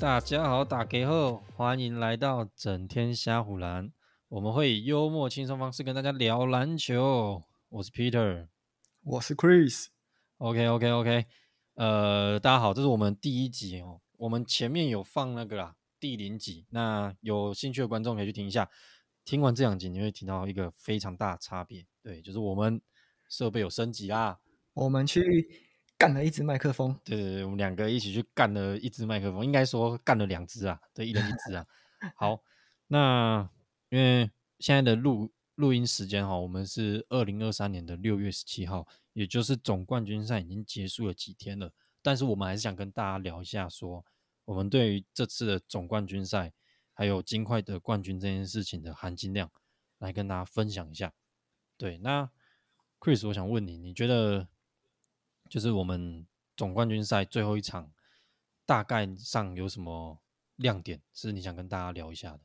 大家好，打給後歡迎來到整天蝦唬籃。我們會以幽默輕鬆方式跟大家聊籃球。我是 Peter，我是 Chris。OK OK OK，呃，大家好，這是我們第一集哦。我們前面有放那個啊，第零集，那有興趣的觀眾可以去聽一下。聽完這兩集，你會聽到一個非常大的差別，對，就是我們設備有升級啦。我們去。幹了一支麥克風，對，我們兩個一起去幹了一支麥克風，應該說幹了兩支啊，對，一人一支啊。好，那因為現在的錄錄音時間哈、哦，我們是二零二三年的六月十七號，也就是總冠軍賽已經結束了幾天了，但是我們還是想跟大家聊一下說，說我們對於這次的總冠軍賽還有金塊的冠軍這件事情的含金量，來跟大家分享一下。對，那 Chris，我想問你，你覺得？就是我們總冠軍賽最後一場，大概上有什麼亮點？是你想跟大家聊一下的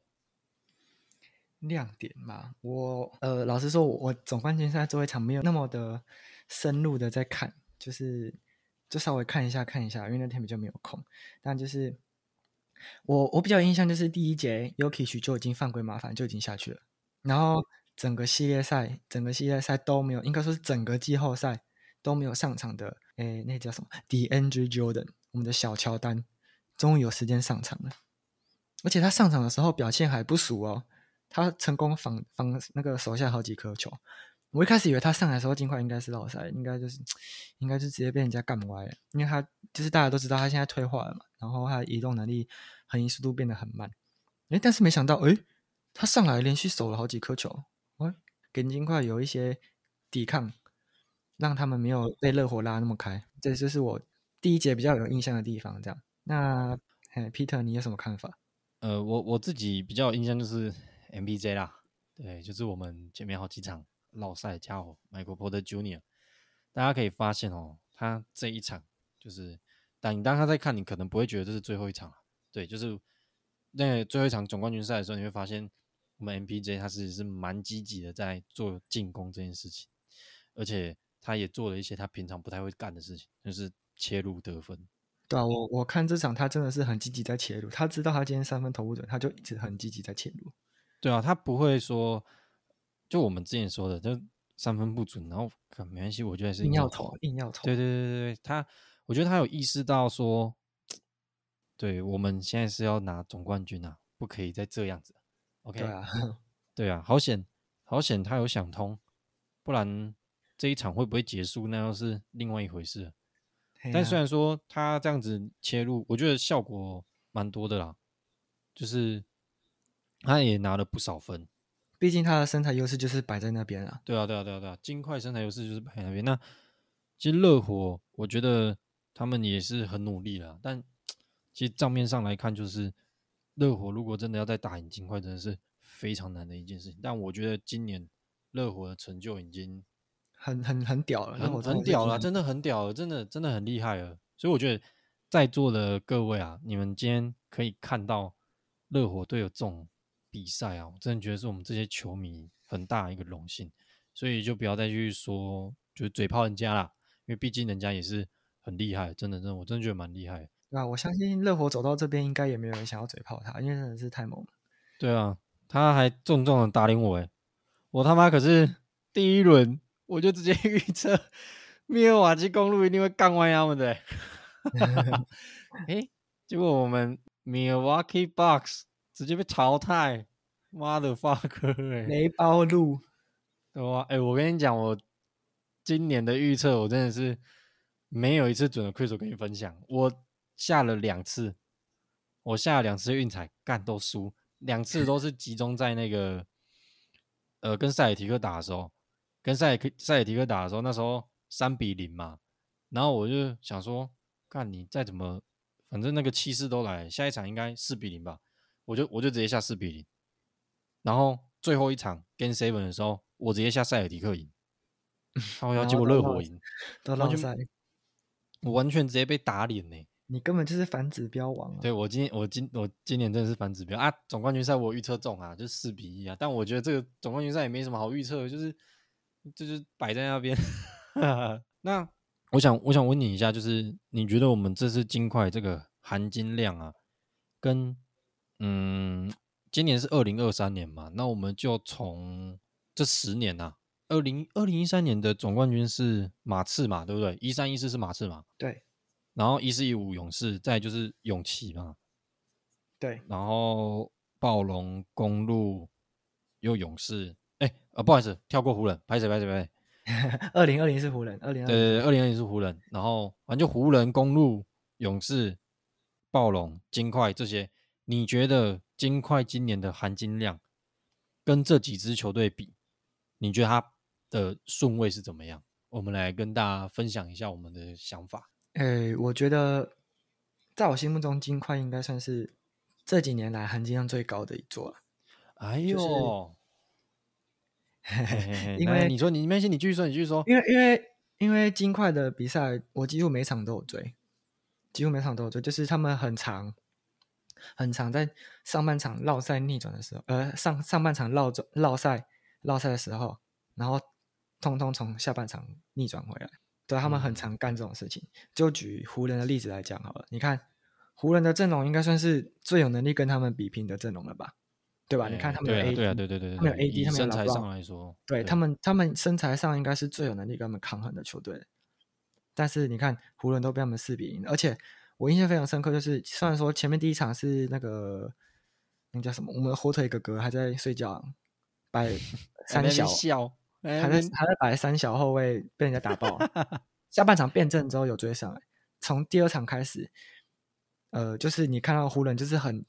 亮點嘛？我呃，老實說我，我總冠軍賽最後一場沒有那麼的深入的在看，就是就稍微看一下看一下，因為那天比較沒有空。但就是我我比較印象就是第一節 Jokic 就已經犯規嘛，反正就已經下去了。然後整個系列賽，整個系列賽都沒有，應該說是整個季後賽。都沒有上場的，誒，那個、叫什麼？DeAndre Jordan，我們的小喬丹，終於有時間上場了。而且他上場的時候表現還不俗哦，他成功防防那個守下好幾顆球。我一開始以為他上來的時候金塊應該是落賽，應該就是應該是直接被人家幹歪了，因為他就是大家都知道他現在退化了嘛，然後他移動能力、橫移速度變得很慢。哎，但是沒想到，哎，他上來連續守了好幾顆球，哎，給金塊有一些抵抗。讓他們沒有被熱火拉那麼開，這就是我第一節比較有印象的地方。這樣，那嘿 Peter，你有什麼看法？呃，我我自己比較有印象就是 MPJ 啦，對，就是我們前面好幾場老賽的家伙，Michael Porter Junior，大家可以發現哦，他這一場就是，當你當他在看你，可能不會覺得這是最後一場。對，就是那最後一場總冠軍賽的時候，你會發現我們 MPJ 他是是蠻積極的在做進攻這件事情，而且。他也做了一些他平常不太會幹的事情，就是切入得分。對啊，我我看這場他真的是很積極在切入，他知道他今天三分投不準，他就一直很積極在切入。對啊，他不會說，就我們之前說的，就三分不準，然後可沒關係，我覺得是硬要投，硬要投。對對對對對，他我覺得他有意識到說，對，我們現在是要拿總冠軍啊，不可以再這樣子。OK，對啊，對啊，好險，好險，他有想通，不然。這一場會不會結束呢，那又是另外一回事。啊、但雖然說他這樣子切入，我覺得效果蠻多的啦，就是他也拿了不少分。畢竟他的身材優勢就是擺在那邊啦、啊。對啊，對，啊對啊，對啊，對啊，對啊，金塊身材優勢就是擺在那邊。那其實熱火，我覺得他們也是很努力了。但其實賬面上來看，就是熱火如果真的要再打贏金塊，真的是非常難的一件事情。但我覺得今年熱火的成就已經。很很很屌了，很屌了很，很屌了，真的很屌了，真的真的很厲害了。所以我覺得在座的各位啊，你們今天可以看到熱火隊有這種比賽啊，我真的覺得是我們這些球迷很大的一個榮幸。所以就不要再去說就是嘴炮人家啦，因為畢竟人家也是很厲害，真的，真的，我真的覺得蠻厲害。那、啊、我相信熱火走到這邊應該也沒有人想要嘴炮他，因為真的是太猛了。對啊，他還重重的打臉我誒，我他媽可是第一輪。 我就直接預測米爾瓦基公鹿一定會幹歪他們的，欸。誒、 欸，結果我們米爾瓦基 Bucks 直接被淘汰，mother fucker！哎，欸，雷包鹿。對誒，啊欸，我跟你講，我今年的預測，我真的是沒有一次準的，虧手跟你分享。我下了兩次，我下了兩次運彩，幹都輸，兩次都是集中在那個 呃，跟賽爾提克打的時候。跟賽爾克賽爾迪克打的時候，那時候三比零嘛，然後我就想說，看你再怎麼，反正那個氣勢都來，下一場應該四比零吧，我就我就直接下四比零，然後最後一場跟 seven 的時候，我直接下塞爾迪克贏，然後結果熱火贏，到老賽，我完全直接被打臉呢。你根本就是反指標王啊，對，我今天我今我今年真的是反指標啊，總冠軍賽我預測中啊，就四比一啊，但我覺得這個總冠軍賽也沒什麼好預測，就是。這就是擺在那邊。 那我想我想問你一下，就是你覺得我們這次金塊這個含金量啊，跟嗯，今年是二零二三年嘛？那我們就從這十年吶、啊，二零二零一三年的總冠軍是馬刺嘛，對不對？一三一四是馬刺嘛？對。然後一四一五勇士，再就是勇氣嘛？對。然後暴龍、公鹿，又勇士。啊、哦，不好意思，跳過湖人，拍謝拍謝拍謝。二零二零是湖人，二零呃二零二零是湖人然，然後反正就湖人、公鹿、勇士、暴龍、金塊這些，你覺得金塊今年的含金量跟這幾支球隊比，你覺得它的順位是怎麼樣？我們來跟大家分享一下我們的想法。哎，我覺得在我心目中，金塊應該算是這幾年來含金量最高的一座了、啊。哎呦！就是嘿嘿嘿，因為你說你沒事你繼續說，你繼續說。因為因為因為金塊的比賽，我幾乎每場都有追，幾乎每場都有追。就是他們很常，很常，在上半場落賽逆轉的時候，呃，上上半場落走，落賽落賽的時候，然後通通從下半場逆轉回來。對他們很常幹這種事情。就舉湖人的例子來講好了，你看湖人的陣容應該算是最有能力跟他們比拼的陣容了吧？對吧？欸、你看他們的 A，對、啊、對啊，對對對對。有 A，D，他們身材上來說，對，對他們，他們身材上應該是最有能力跟他們抗衡的球隊。對但是你看，湖人都被他們四比零。而且我印象非常深刻，就是雖然說前面第一場是那個，那叫什麼？我們的火腿哥哥還在睡覺，啊，擺三小，哎哎、還在沒還在擺三小後衛被人家打爆。 下半場變陣之後有追上來，從第二場開始，呃，就是你看到湖人就是很。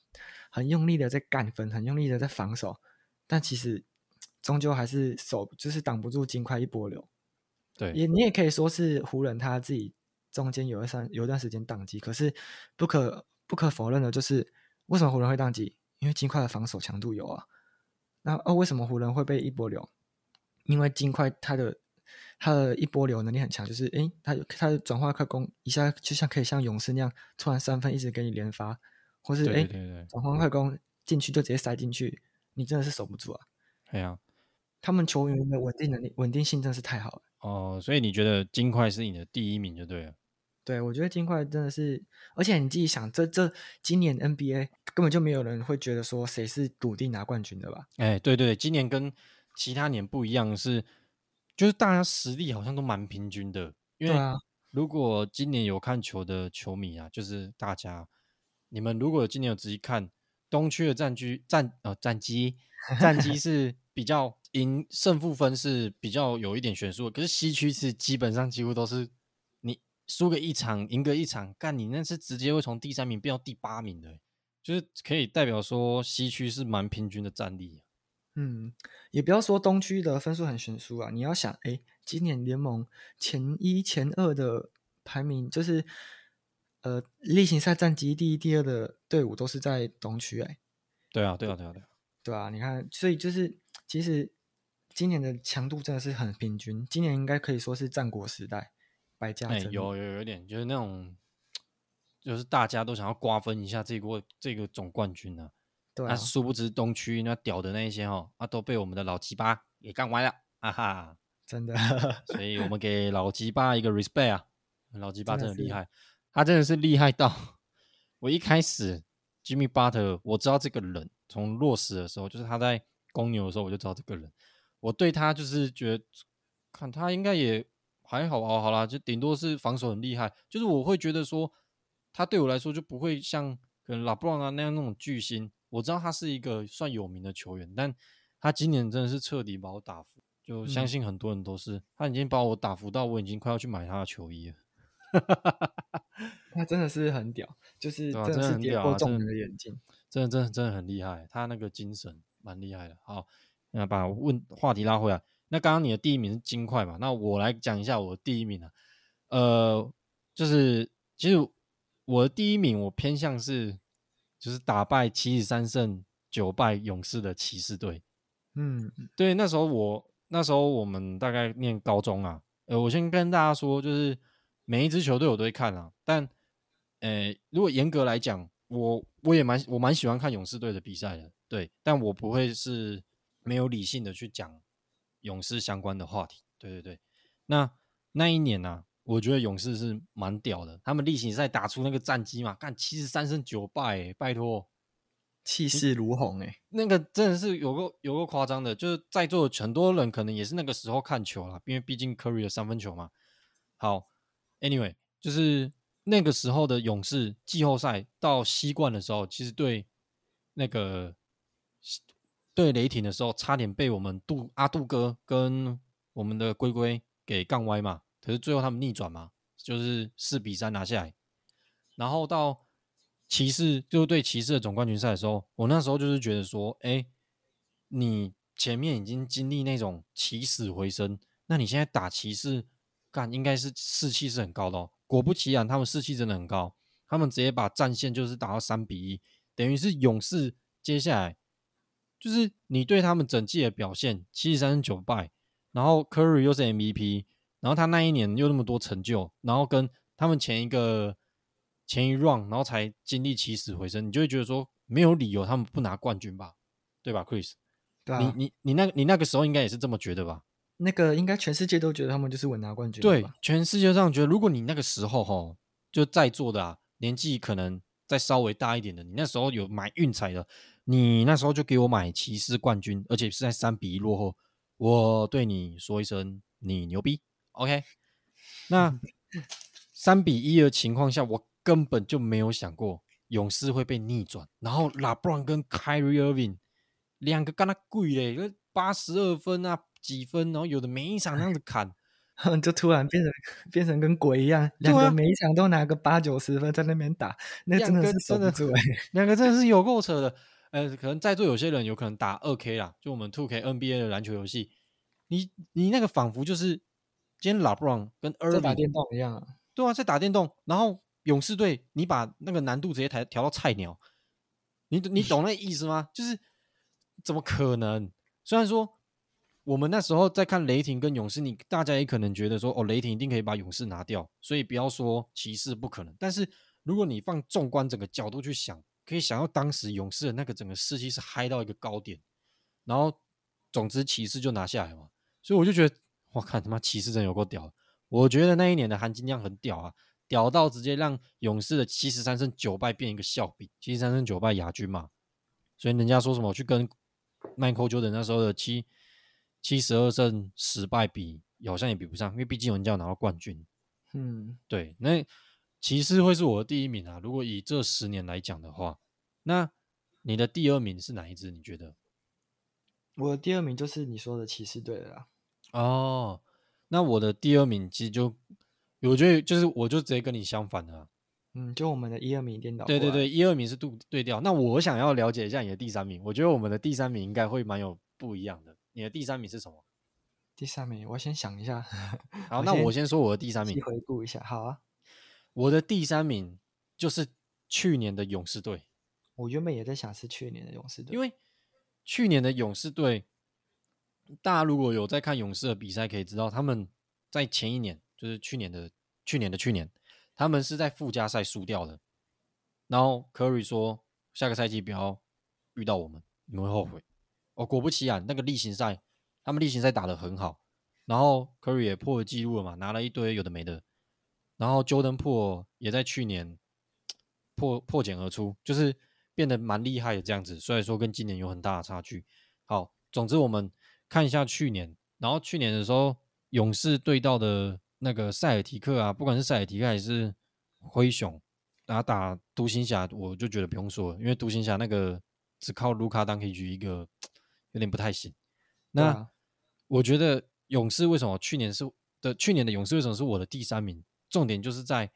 很用力的在幹分，很用力的在防守，但其實終究還是守就是擋不住金塊一波流。對，也你也可以說是湖人他自己中間有一段有一段時間宕機，可是不可不可否認的就是為什麼湖人會宕機，因為金塊的防守強度有啊。那哦，為什麼湖人會被一波流？因為金塊他的他的一波流能力很強，就是誒、欸，他他的轉化快攻，一下就像可以像勇士那樣突然三分一直給你連發。或是哎，轉換快攻進去就直接塞進去，對你真的是守不住啊！對啊。他們球員的穩定能力、穩定性真的是太好了哦、呃。所以你覺得金塊是你的第一名就對了。對，我覺得金塊真的是，而且你自己想，這這今年 NBA 根本就沒有人會覺得說誰是篤定拿冠軍的吧？哎，對對，今年跟其他年不一樣的是，是就是大家實力好像都蠻平均的。因為如果今年有看球的球迷啊，就是大家。你們如果今年有仔細看東區的戰局、戰呃戰績，戰績、呃、戰績是 比較贏勝負分是比較有一點懸殊，可是西區是基本上幾乎都是你輸個一場贏個一場，幹你那是直接會從第三名變到第八名的，就是可以代表說西區是蠻平均的戰力啊。嗯，也不要說東區的分數很懸殊啊，你要想哎欸，今年聯盟前一前二的排名就是。呃，例行賽戰績第一、第二的隊伍都是在東區哎、欸啊。對啊，對啊，對啊，對，對啊！你看，所以就是其實今年的強度真的是很平均，今年應該可以說是戰國時代，百家爭哎、欸，有有有，有點，就是那種，就是大家都想要瓜分一下這鍋這個總冠軍呢、啊。對啊，啊。殊不知，東區那屌的那一些哈、哦，啊都被我們的老吉巴給幹完了啊哈！真的，所以我們給老吉巴一個 respect 啊， 老吉巴真的厲害。他真的是厲害到我一開始，Jimmy Butler，我知道這個人，從落實的時候，就是他在公牛的時候，我就知道這個人。我對他就是覺得，看他應該也還好好好啦，就頂多是防守很厲害。就是我會覺得說，他對我來說就不會像可能拉布朗那樣那種巨星。我知道他是一個算有名的球員，但他今年真的是徹底把我打服。就相信很多人都是，他已經把我打服到我已經快要去買他的球衣了。哈，哈哈，他真的是很屌，就是真的，是跌破眾、對啊、真的很屌啊！人的眼鏡，真的、真的、真的很厲害。他那個精神蠻厲害的。好，那把問話題拉回來。那剛剛你的第一名是金塊嘛？那我來講一下我的第一名啊。呃，就是其實我的第一名，我偏向是就是打敗七十三勝九敗勇士的騎士隊。嗯，對，那時候我那時候我們大概念高中啊。呃，我先跟大家說，就是。每一支球隊我都會看啊，但，呃、欸，如果嚴格來講，我我也蠻我蠻喜歡看勇士隊的比賽的，對，但我不會是沒有理性的去講勇士相關的話題，對對對。那那一年呢、啊，我覺得勇士是蠻屌的，他們例行賽打出那個戰績嘛，幹七十三勝九敗、欸，拜托，氣勢如虹誒、欸欸，那個真的是有夠有夠誇張的，就是在座很多人可能也是那個時候看球了，因為畢竟 Curry、er、的三分球嘛，好。Anyway，就是那個時候的勇士季後賽到西冠的時候，其實對那個對雷霆的時候，差點被我們杜阿杜哥跟我們的龜龜給槓歪嘛。可是最後他們逆轉嘛，就是四比三拿下來。然後到騎士，就是對騎士的總冠軍賽的時候，我那時候就是覺得說，哎、欸，你前面已經經歷那種起死回生，那你現在打騎士。但應該是士氣是很高的哦，果不其然，他們士氣真的很高，他們直接把戰線就是打到三比一，等於是勇士接下來就是你對他們整季的表現，七十三勝九敗，然後 Curry 又是 MVP，然後他那一年又那麼多成就，然後跟他們前一個前一 round，然後才經歷起死回生，你就會覺得說沒有理由他們不拿冠軍吧，對吧，Chris？對，你你你你那你那個時候應該也是這麼覺得吧？那個應該全世界都覺得他們就是穩拿冠軍，對，全世界上覺得，如果你那個時候哈、哦，就在座的、啊、年紀可能再稍微大一點的，你那時候有買運彩的，你那時候就給我買騎士冠軍，而且是在三比一落後，我對你說一聲，你牛逼，OK？那三比一的情況下，我根本就沒有想過勇士會被逆轉，然後拉布朗跟凱瑞厄文兩個幹那貴嘞，八十二分啊！幾分，然後有的每一場那樣子砍， 就突然變成變成跟鬼一樣，對啊、兩個每一場都拿個八九十分在那邊打，真那真的是真的，兩個真的是有夠扯的。 呃，可能在座有些人有可能打二 k 啦，就我們 2K NBA 的籃球遊戲，你你那個仿佛就是今天 LeBron 跟 e a r l 打電動一樣、啊，對啊，在打電動，然後勇士隊你把那個難度直接抬調，調到菜鳥，你你懂那意思嗎？ 就是怎麼可能？雖然說，我們那時候在看雷霆跟勇士，你大家也可能覺得說，哦，雷霆一定可以把勇士拿掉，所以不要說騎士不可能。但是如果你放縱觀整個角度去想，可以想到當時勇士的那個整個士氣是嗨到一個高點，然後總之騎士就拿下來嘛。所以我就覺得，我看他媽騎士真有夠屌，我覺得那一年的含金量很屌啊，屌到直接讓勇士的七十三勝九敗變一個笑柄，七十三勝九敗亞軍嘛。所以人家說什麼我去跟麥克 a n 那時候的七。七十二勝十敗比好像也比不上，因為畢竟人家要拿到冠軍。嗯，對。那騎士會是我的第一名啊！如果以這十年來講的話，那你的第二名是哪一支，你覺得？我的第二名就是你說的騎士隊的啦。哦，那我的第二名其實就我覺得就是我就直接跟你相反的啊。嗯，就我們的一二名顛倒。對對對，一二名是對對調。那我想要了解一下你的第三名，我覺得我們的第三名應該會蠻有不一樣的。你的第三名是什麼？第三名我先想一下。好，我先那我先說我的第三名。回顧一下，好啊。我的第三名就是去年的勇士隊。我原本也在想是去年的勇士隊，因為去年的勇士隊，大家如果有在看勇士的比賽，可以知道他們在前一年，就是去年的去年的去年，他們是在附加賽輸掉的。然後科瑞說：“下個賽季不要遇到我們，你們會後悔。”嗯哦，果不其然，那個例行賽，他們例行賽打得很好，然後庫里也破了紀錄了嘛，拿了一堆有的沒的，然後 Jordan Poole 也在去年破破繭而出，就是變得蠻厲害的這樣子，所以說跟今年有很大的差距。好，總之我們看一下去年，然後去年的時候，勇士對到的那個塞爾提克啊，不管是塞爾提克還是灰熊，然後打獨行俠，我就覺得不用說了，因為獨行俠那個只靠盧卡當 KG 一個。有點不太行。那我覺得勇士為什麼去年是的？去年的勇士為什麼是我的第三名？重點就是在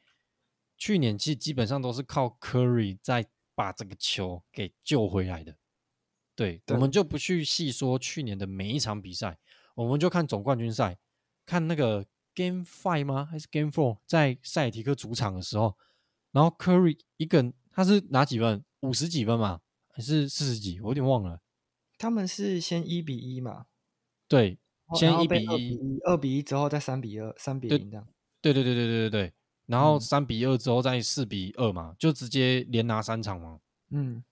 去年，其實基本上都是靠 Curry 在把這個球給救回來的。對，對我們就不去細說去年的每一場比賽，我們就看總冠軍賽，看那個 Game Five 嗎？還是 Game Four？在塞爾提克主場的時候，然後 Curry 一個人他是拿幾分？五十幾分嗎？還是四十幾？我有點忘了。他們是先一比一嘛？對，先一比一，二比一之後再三比二，三比零這樣對。對對對對對對對，然後三比二之後再四比二嘛，嗯、就直接連拿三場嘛。嗯，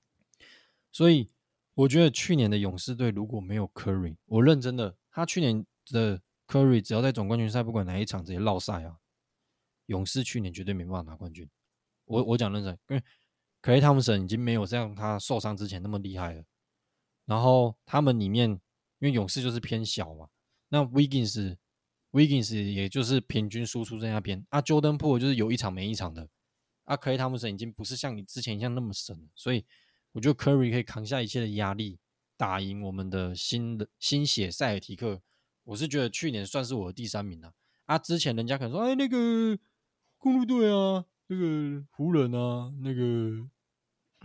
所以我覺得去年的勇士隊如果沒有 Curry，我認真的，他去年的 Curry 只要在總冠軍賽不管哪一場直接落賽啊，勇士去年絕對沒辦法拿冠軍。我我講認真，因為 Klay Thompson 已經沒有像他受傷之前那麼厲害了。然後他們裡面，因為勇士就是偏小嘛，那 Wiggins，Wiggins 也就是平均輸出增加偏，啊 Jordan Poole 就是有一場沒一場的，啊 Klay 湯普森已經不是像你之前一樣那麼神了，所以我覺得 Curry 可以扛下一切的壓力，打贏我們的新的新血塞爾提克，我是覺得去年算是我的第三名了，啊，啊之前人家可能說，哎那個公鹿隊啊，那個湖人啊，那個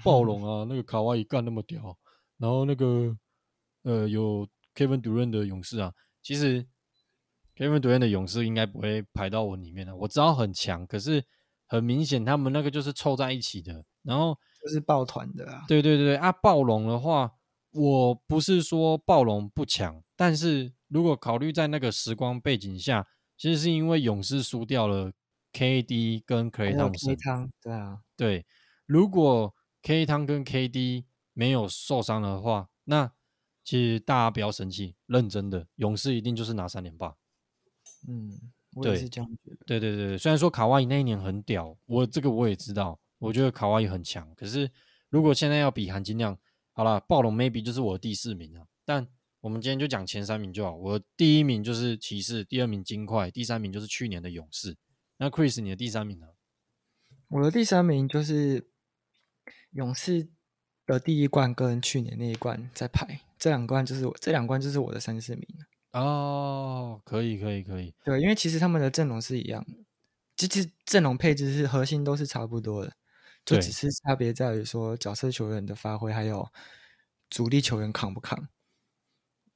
暴龍啊， 那個卡哇伊幹那麼屌。然後那個呃有 Kevin Durant 的勇士啊，其實 Kevin Durant 的勇士應該不會排到我裡面的。我知道很強，可是很明顯他們那個就是湊在一起的，然後就是抱團的啦，啊。對對對啊，暴龍的話我不是說暴龍不強，但是如果考慮在那個時光背景下，其實是因為勇士輸掉了 KD 跟 Klay 湯，對啊，對，如果 K 湯跟 KD，沒有受傷的話，那其實大家不要生氣。認真的，勇士一定就是拿三連霸。嗯，我也是這樣覺得。對對對對，雖然說卡哇伊那一年很屌，我這個我也知道，我覺得卡哇伊很強。可是如果現在要比含金量，好啦，暴龍 maybe 就是我的第四名啊。但我們今天就講前三名就好。我第一名就是騎士，第二名金塊，第三名就是去年的勇士。那 Chris，你的第三名呢？我的第三名就是勇士。呃，第一冠跟去年那一冠在排，這兩冠就是我，這兩冠就是我的三四名。哦，可以，可以，可以。對，因為其實他們的陣容是一樣的，就是陣容配置是核心都是差不多的，就只是差別在於說角色球員的發揮，還有主力球員扛不扛。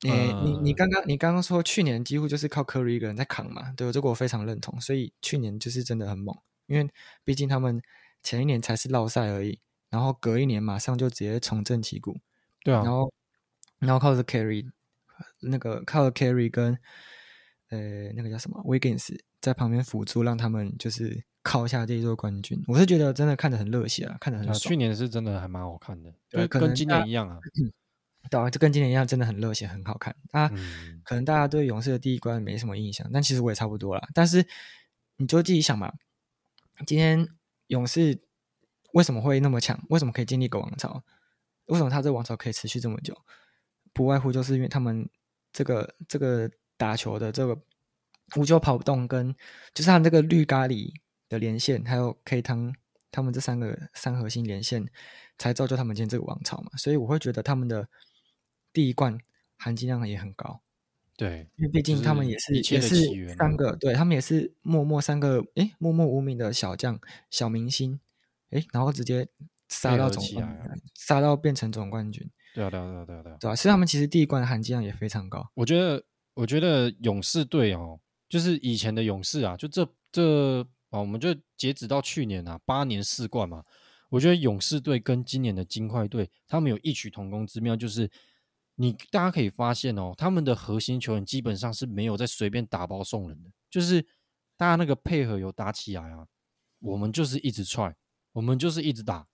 誒嗯、你你你剛剛你剛剛說去年幾乎就是靠柯瑞一個人在扛嘛？對，這個我非常認同。所以去年就是真的很猛，因為畢竟他們前一年才是落賽而已。然後隔一年馬上就直接重振旗鼓。對啊，然後然後靠着 Curry 那個靠着 Curry 跟，呃那個叫什麼 Wiggins 在旁邊輔助，讓他們就是靠一下這一座冠軍。我是覺得真的看得很熱血啊，看着很爽，啊、去年是真的還蠻好看的，對，可能跟今年一樣啊，嗯，對啊，就跟今年一樣，真的很熱血，很好看啊。嗯，可能大家對勇士的第一冠沒什麼印象，但其實我也差不多了。但是你就自己想嘛，今天勇士，為什麼會那麼強？為什麼可以建立一個王朝？為什麼他這王朝可以持續這麼久？不外乎就是因為他們這個這個打球的這個無球跑動跟，跟就是他們這個綠咖喱的連線，還有 K 湯他們這三個三核心連線，才造就他們今天這個王朝嘛。所以我會覺得他們的第一冠含金量也很高。對，因為畢竟他們也是，是也是三個，對他們也是默默三個誒，默默無名的小將小明星。哎，然後直接殺到總冠軍、啊、殺到變成總冠軍。對啊，對啊，對啊，對啊，對啊，所以、啊、他們其實第一冠的含金量也非常高。我覺得，我覺得勇士隊哦，就是以前的勇士啊，就這這啊、哦，我們就截止到去年啊，八年四冠嘛。我覺得勇士隊跟今年的金塊隊，他們有異曲同工之妙，就是你大家可以發現哦，他們的核心球員基本上是沒有在隨便打包送人的，就是大家那個配合有打起來啊，我們就是一直踹。我們就是一直打，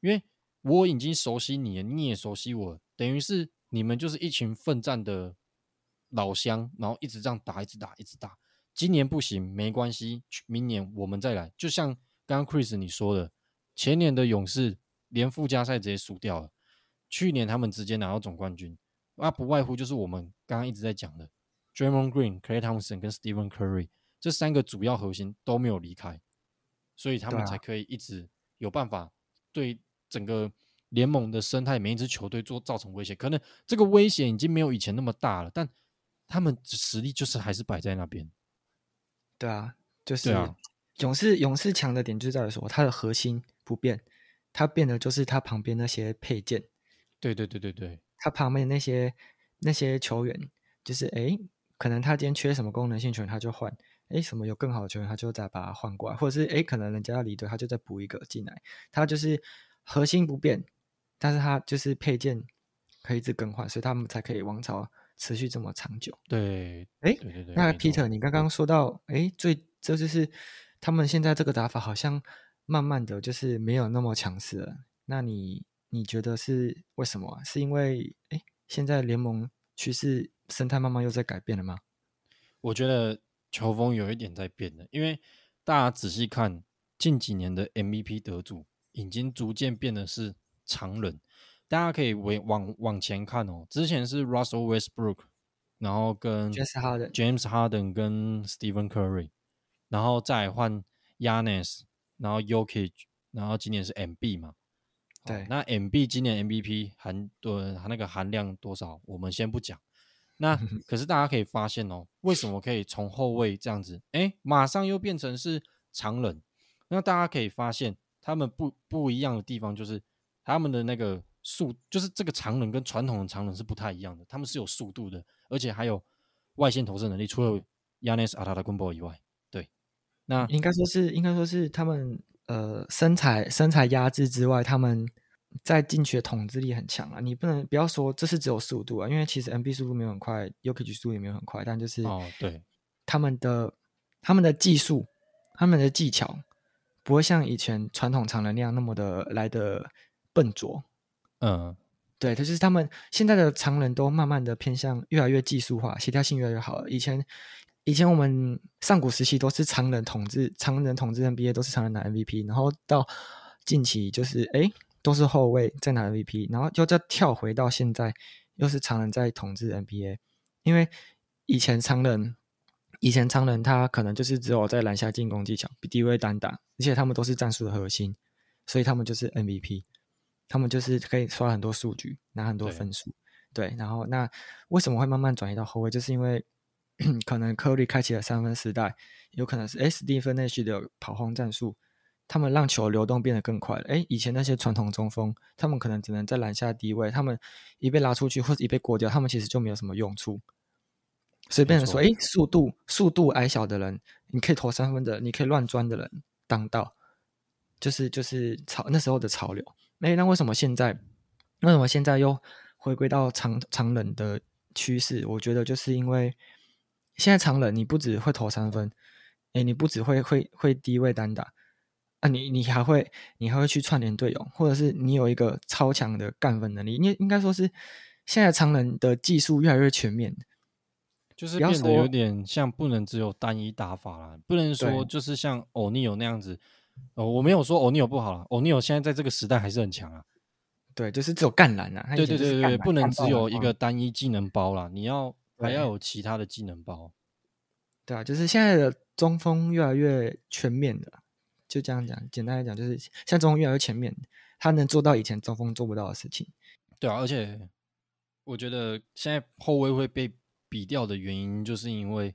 因為我已經熟悉你了，你也熟悉我，等於是你們就是一群奮戰的老鄉，然後一直這樣打，一直打，一直打。今年不行，沒關係，明年我們再來。就像剛剛 Chris 你說的，前年的勇士連附加賽直接輸掉了，去年他們直接拿到總冠軍，那、啊、不外乎就是我們剛剛一直在講的，Draymond Green、Klay Thompson 跟 Stephen Curry 這三個主要核心都沒有離開。所以他們才可以一直有辦法對整個聯盟的生態每一支球隊做造成威脅。可能這個威脅已經沒有以前那麼大了，但他們實力就是還是擺在那邊。對啊，就是啊勇，勇士勇士強的點就在於什麼？他的核心不變，他變的就是他旁邊那些配件。對對對對對，他旁邊那些那些球員，就是哎、欸，可能他今天缺什麼功能性球員，他就換。哎、欸，什麼有更好的球員，他就再把它換過來，或者是哎、欸，可能人家要離隊，他就再補一個進來。他就是核心不變，但是他就是配件可以一直更換，所以他們才可以王朝持續這麼長久。對，哎、欸，對對對。那 Peter，你剛剛說到，哎對、欸，最這就是他們現在這個打法好像慢慢的就是沒有那麼強勢了。那你你覺得是為什麼、啊？是因為哎、欸，現在聯盟趨勢生態慢慢又在改變了嗎？我覺得。球風有一點在變的，因為大家仔細看近幾年的 MVP 得主，已經逐漸變得是長人。大家可以往往前看哦，之前是 Russell Westbrook，ok，然後跟 James Harden，James Harden 跟 Stephen Curry，然後再換 Giannis，然後 Jokic，ok，然後今年是 MB 嘛。對，那 MB 今年 MVP 含多，它那個含量多少？我們先不講。 那可是大家可以發現哦，為什麼可以從後衛這樣子，哎、欸，馬上又變成是長人？那大家可以發現他們不不一樣的地方，就是他們的那個速，就是這個長人跟傳統的長人是不太一樣的，他們是有速度的，而且還有外線投射能力。除了亞尼斯阿達拉昆博以外，對，那應該說是應該說是他們呃身材身材壓制之外，他們。在禁區的統治力很強啊！你不能不要說這是只有速度啊，因為其實 M B 速度沒有很快，U K G 速度也沒有很快，但就是哦，對，他們的他們的技術、他們的技巧不會像以前傳統長人那樣那麼的來得笨拙，嗯，對，就是他們現在的長人都慢慢的偏向越來越技術化，協調性越來越好。以前以前我們上古時期都是長人統治，長人統治 N B A 都是長人拿 M V P，然後到近期就是哎。欸都是後衛在拿 MVP，然後又再跳回到現在，又是長人在統治 NBA。因為以前長人，以前長人他可能就是只有在籃下進攻技巧，低位單打，而且他們都是戰術的核心，所以他們就是 MVP，他們就是可以刷很多數據，拿很多分數。對，啊、對，然後那為什麼會慢慢轉移到後衛？就是因為可能柯瑞開啟了三分時代，有可能是 SD 分類區的跑轟戰術。他們讓球流動變得更快了。哎，以前那些傳統中鋒，他們可能只能在籃下低位。他們一被拉出去，或者一被過掉，他們其實就沒有什麼用處。隨便成說，哎，沒錯，速度，速度矮小的人，你可以投三分的，你可以亂鑽的人當道，就是就是潮那時候的潮流。哎，那為什麼現在，為什麼現在又回歸到長長冷的趨勢？我覺得就是因為現在長冷，你不只會投三分，哎，你不只會會會低位單打。啊你，你你還會你還會去串聯隊友，或者是你有一個超強的幹分能力？應應該說是現在常人的技術越來越全面，就是變得有點像不能只有單一打法了，不能說就是像歐尼爾那樣子。對哦，我沒有說歐尼爾不好了，歐尼爾現在在這個時代還是很強啊。對，就是只有幹籃啊。對對對對，不能只有一個單一技能包了，啊、你要還要有其他的技能包。對,對啊，就是現在的中鋒越來越全面的。就這樣講，簡單來講就是像中鋒越來越前面，他能做到以前中鋒做不到的事情。對啊，而且我覺得現在後衛會被比掉的原因，就是因為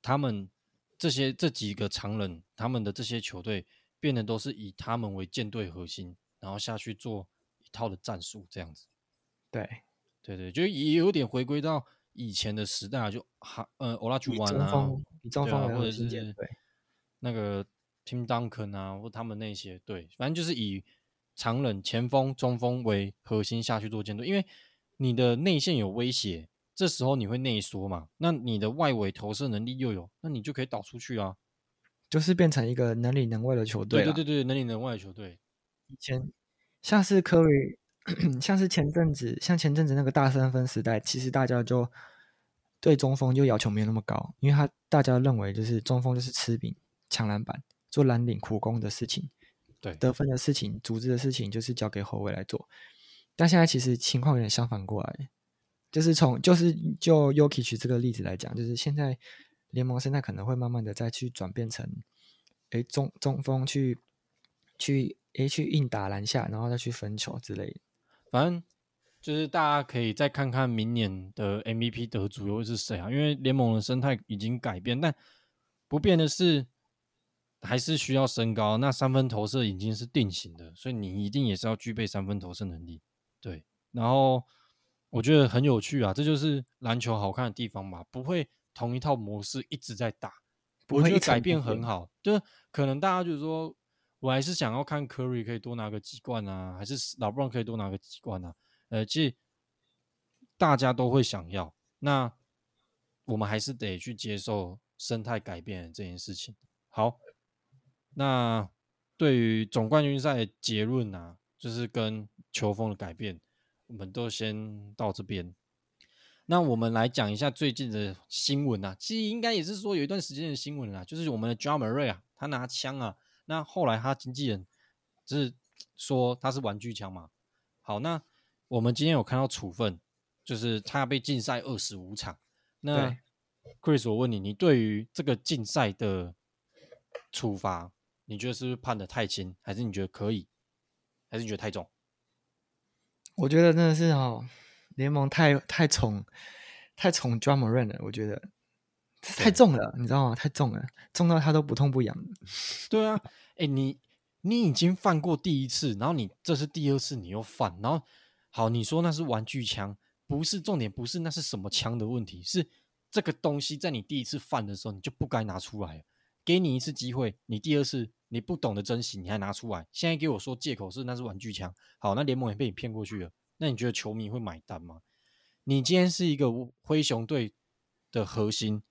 他們這些這些這些幾個常人，他們的這些球隊變得都是以他們為建隊核心，然後下去做一套的戰術這樣子。對，對、對對，就也有點回歸到以前的時代就哈呃，歐拉朱萬啊，比中鋒，啊、或者是對那個。Tim Duncan 啊，或他們那些對，反正就是以長人前鋒、中鋒為核心下去做監督，因為你的內線有威脅，這時候你會內縮嘛。那你的外圍投射能力又有，那你就可以導出去啊，就是變成一個能裡能外的球隊。對對對，能裡能外的球隊。以前像是柯瑞，像是前陣子，像前陣子那個大三分時代，其實大家就對中鋒又要求沒有那麼高，因為他大家認為就是中鋒就是吃餅、搶籃板。做藍領苦工的事情，對得分的事情、組織的事情，就是交給後衛來做。但現在其實情況有點相反過來，就是從就是就 Jokic 這個例子來講，就是現在聯盟現在可能會慢慢的再去轉變成，誒，中中鋒去去誒，去硬打籃下，然後再去分球之類的。反正就是大家可以再看看明年的 MVP 得主又會是誰啊？因為聯盟的生態已經改變，但不變的是。還是需要身高，那三分投射已經是定型的，所以你一定也是要具備三分投射能力。對，然後我覺得很有趣啊，這就是籃球好看的地方嘛，不會同一套模式一直在打，我覺得改變很好。就是可能大家就是說，我還是想要看 Curry 可以多拿個幾冠啊，還是老布朗可以多拿個幾冠啊？呃，其實大家都會想要，那我們還是得去接受生態改變的這件事情。好。那對於總冠軍賽的結論啊，就是跟球風的改變，我們都先到這邊。那我們來講一下最近的新聞啊，其實應該也是說有一段時間的新聞啊，就是我們的 Ja Morant 啊，他拿槍啊，那後來他經紀人就是說他是玩具槍嘛。好，那我們今天有看到處分，就是他被禁賽二十五場。那對 Chris，我問你，你對於這個禁賽的處罰？你覺得是不是判的太輕，還是你覺得可以，還是你覺得太重？我覺得真的是哈、喔，聯盟太太寵太寵 Draymond 了，我覺得對太重了，你知道嗎？太重了，重到他都不痛不癢。對啊，哎、欸，你你已經犯過第一次，然後你這是第二次，你又犯，然後好，你說那是玩具槍，不是重點，不是那是什麼槍的問題，是這個東西在你第一次犯的時候，你就不該拿出來，給你一次機會，你第二次。你不懂得珍惜，你還拿出來？現在給我說借口是那是玩具槍，好，那聯盟也被你騙過去了。那你覺得球迷會買單嗎？你今天是一個灰熊隊的核心，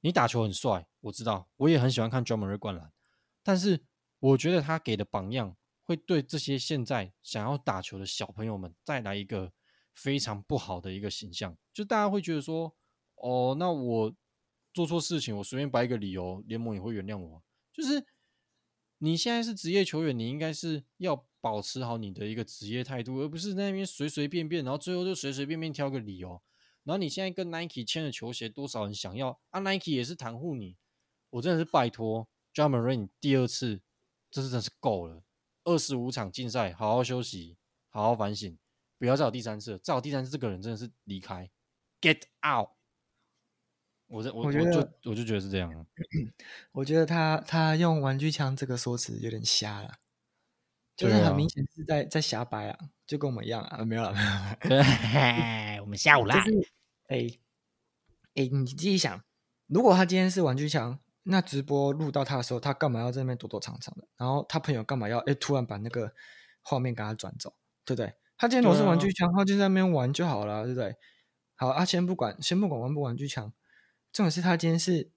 你打球很帥，我知道，我也很喜歡看 Ja Morant 灌籃，但是我覺得他給的榜樣會對這些現在想要打球的小朋友們帶來一個非常不好的一個形象，就是大家會覺得說，哦，那我做錯事情，我隨便擺一個理由，聯盟也會原諒我，就是。你現在是職業球員，你應該是要保持好你的一個職業態度，而不是在那邊隨隨便便，然後最後就隨隨便便挑個理由。然後你現在跟 Nike 簽了球鞋，多少人想要啊？Nike 也是袒護你，我真的是拜托 Ja Morant 第二次，這次真的是夠了，二十五場禁賽，好好休息，好好反省，不要再有第三次了，再有第三次，這個人真的是離開，Get out。我在我，我覺得我就，我就覺得是這樣 我覺得他他用玩具槍這個說辭有點瞎了，啊、就是很明顯是在在瞎掰啊，就跟我們一樣啊，沒有了沒有了，啊、 我們下午啦，哎哎、就是欸欸，你自己想，如果他今天是玩具槍，那直播錄到他的時候，他幹嘛要在那邊躲躲藏藏的？然後他朋友幹嘛要哎、欸、突然把那個畫面給他轉走，對不對？他今天如果是玩具槍，啊、他就在那邊玩就好了，對不對？好啊，先不管先不管玩不玩具槍。重點是他今天是，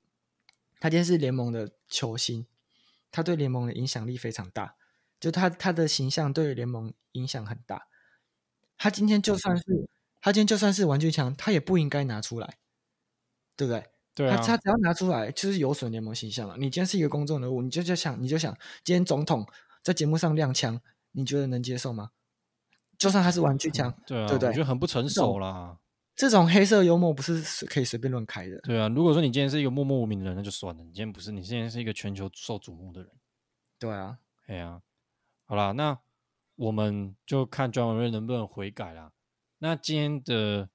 他今天是聯盟的球星，他對聯盟的影響力非常大，就他他的形象對聯盟影響很大。他今天就算是他今天就算是玩具槍，他也不應該拿出來，對不對？對啊。他他只要拿出來，就是有損聯盟形象了。你今天是一個公眾人物，你就，就想，你就想，今天總統在節目上亮槍，你覺得能接受嗎？就算他是玩具槍，對啊，對不對？我覺得很不成熟了。這種黑色幽默不是可以隨便亂開的。對啊，如果說你今天是一個默默無名的人，那就算了。你今天不是，你今天是一個全球受矚目的人。對啊，對啊。好啦，那我們就看莊文瑞能不能悔改啦。那今天的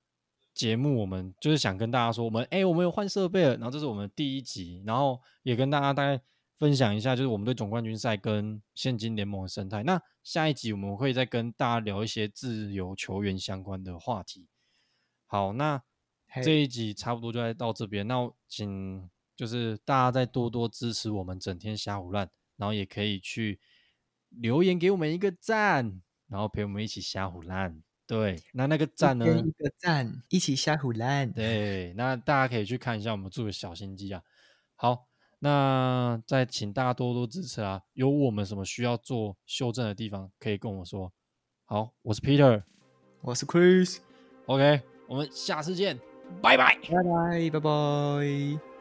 節目，我們就是想跟大家說，我們哎、欸，我們有換設備了，然後這是我們第一集，然後也跟大家大概分享一下，就是我們對總冠軍賽跟現今聯盟的生態。那下一集我們會再跟大家聊一些自由球員相關的話題。好，那這一集差不多就到這邊。Hey, 那請就是大家再多多支持我們，整天瞎胡亂，然後也可以去留言給我們一個贊，然後陪我們一起瞎胡亂。對，那那個贊呢？跟一個贊，一起瞎胡亂。對，那大家可以去看一下我們做的小心機啊。好，那再請大家多多支持啊。有我們什麼需要做修正的地方，可以跟我說。好，我是 Peter，我是 Chris，OK。Okay. 我們下次見，拜拜，拜拜，拜拜。